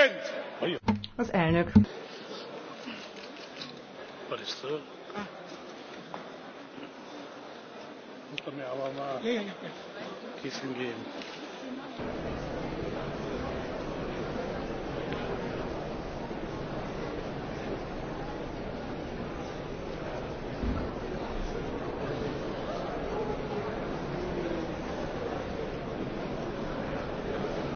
president! Az elnök. Kissen ah. gehen.